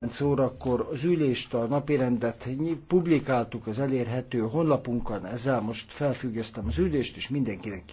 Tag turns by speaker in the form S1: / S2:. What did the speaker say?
S1: 9 órakor az ülést, a napirendet publikáltuk az elérhető honlapunkon, ezzel most felfüggesztem az ülést, és mindenkinek